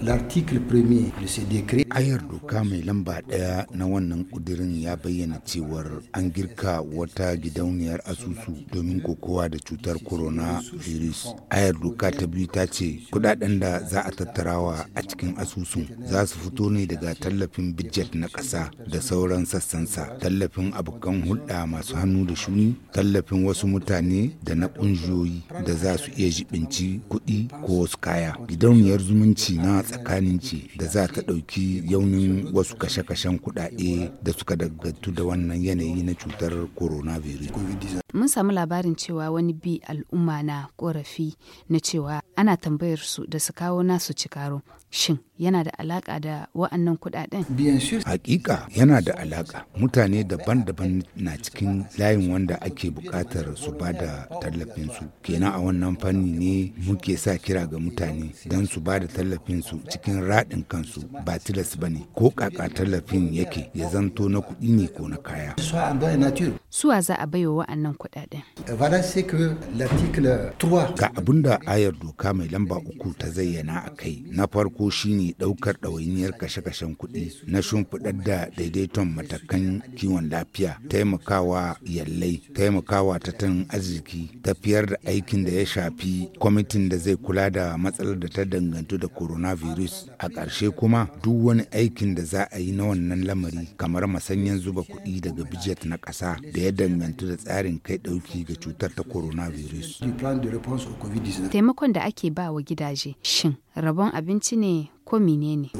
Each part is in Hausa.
L'article premier de ce ayar doka mai lamba ɗaya na wannan kudirin ya bayyana cewar an girka wata gidauniyar asusu domin kokowa da cutar corona virus. Ayar doka ta biyu ta ce kudaden da za a tattarawa a cikin asusun za su fito ne daga tallafin budget na ƙasa da sauran sassansa, tallafin abokan hulɗa masu hannu da shuni, tallafin wasu mutane da na ƙungiyoyi da za su iya jibinci kuɗi ko wasu kaya. Gidauniyar zumunci na tsakanin ci da za ta ɗauki yaunin wasu kashe-kashen kuɗaɗe da suka dagantu da wannan yanayi na cutar coronavirus. mun samu labarin cewa wani bi al'umma na korafi na cewa ana tambayar su da su kawo nasu cikaro shin yana da alaka da wa'annan kudaden hakika yana da alaka mutane daban-daban na cikin layin wanda ake bukatar su ba da tallafinsu kenan a wannan fanni ne muke sa kira ga mutane don su ba da tallafinsu cikin raɗin kansu ba tilas ba ne ko kaka tallafin yake ya zanto na kuɗi ne ko na kaya suwa za a wa wa'annan kudaden. Ga abin da ayar doka mai lamba uku ta zayyana a kai na farko shine daukar ɗawainiyar kashe-kashen kuɗi na shimfiɗar da daidaiton matakan kiwon lafiya taimakawa yallai taimakawa ta tattalin arziki tafiyar da aikin da ya shafi kwamitin da zai kula da matsalar da ta dangantu da coronavirus a ƙarshe kuma duk wani aikin da za a yi na wannan lamari kamar masanyan zuba kuɗi daga bijet na ƙasa da ya dangantu da tsarin yi ɗauki ga cutar ta coronavirus. Taimakon da ake ba wa gidaje, shin rabon abinci ne ko menene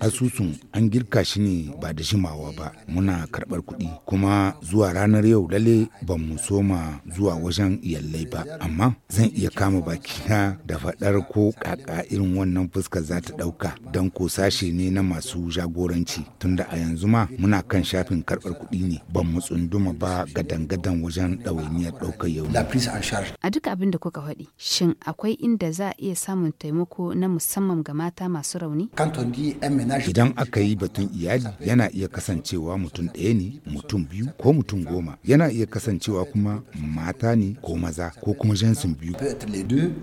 asusun an girka shi ne ba da shimawa ba muna karɓar kuɗi kuma zuwa ranar yau lalle ban mu soma zuwa wajen iyalai ba amma zan iya kama bakina da faɗar ko kaka irin wannan fuskar za ta ɗauka don ko sashe ne na masu jagoranci tunda a yanzu ma muna kan shafin karɓar kuɗi ne ban mu tsunduma ba gadan-gadan wajen ɗawainiyar ɗaukar yau a duk abin da kuka faɗi shin akwai inda za a iya samun taimako na musamman musamman ga mata masu rauni? Idan aka yi batun iyali yana iya kasancewa mutum ɗaya ne, mutum biyu ko mutum goma. Yana iya kasancewa kuma mata ne ko maza ko kuma jinsin biyu.